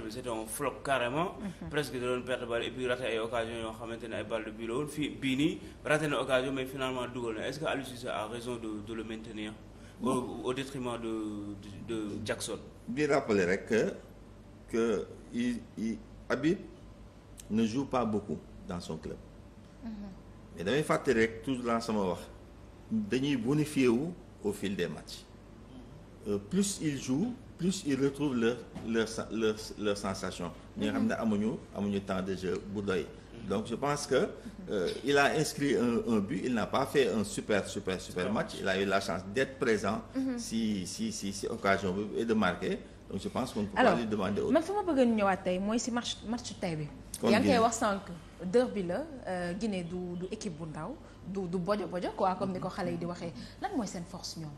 match bi c'était un flop carrément. Mhm. presque da doon perte balle et puis raté ay occasion yoo xamante ni ay balle de bii la woon fii bii nii raté na occasion mais finalement dugal na est-ce que Aliou Cissé a raison de de le maintenir. au au détriment de de de Jackson. di rappeler rek que que ne joue pas beaucoup dans son club. Mhm. mais damay fàttali rek toujours la sama wax dañuy bonifié wu au fil des matchs. Euh, plus ils jouent plus ils retrouvent leur leur leur leur sensation ñi nga xam ne mm-hmm. amuñu amuñu temps de jeu bu doy donc je pense que euh, il a inscrit un, un but il n'a pas fait un super super super match il a eu la chance d'être présent mm si si si si occasion bi et de marquer donc je pense qu'on ne peut pas lui demander autre man fa ma bëgg ñu ñëwaat tey mooy si match match tey bi yaa ngi koy wax sànq derby la euh, Guinée du du équipe bu ndaw du du bojo bojo quoi comme ni ko xale yi di waxee lan mooy seen force ñoom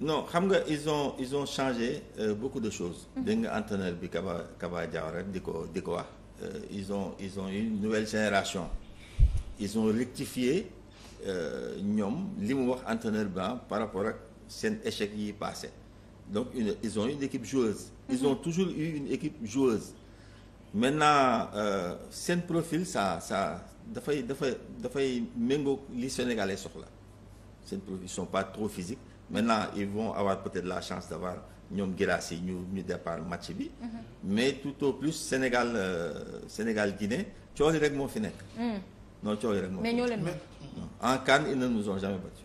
non xam nga ils ont changé euh, beaucoup de choses. Mhm. dégg nga entraîneur bi Kaba Kaba Diawara di ko di ko wax. Euh, ils ont ils ont une nouvelle génération ils ont rectifié euh, ñoom li mu wax entraîneur blanc ah par rapport ak seen échec yi passé donc une ils ont une équipe joueuse. ils mhm. ont toujours eu une équipe joueuse. maintenant euh, seen profil ça ça dafay dafay dafay méngóog li Sénégalais soxla seen profil ils sont pas trop physiques. maintenant ils vont avoir peut-être la chance d'avoir ñoom Guirassy yi ñu ñu départ match bi. Mm-hmm. mais tout au plus Sénégal euh, Sénégal Guinée coow yi rek moo fi nekk. Mm. non coow yi rek en CAN ils ne nous ont jamais battus.